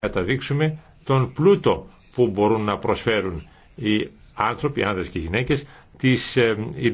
καταδείξουμε τον πλούτο που μπορούν να προσφέρουν οι άνθρωποι, άνδρες και γυναίκες, τις ε,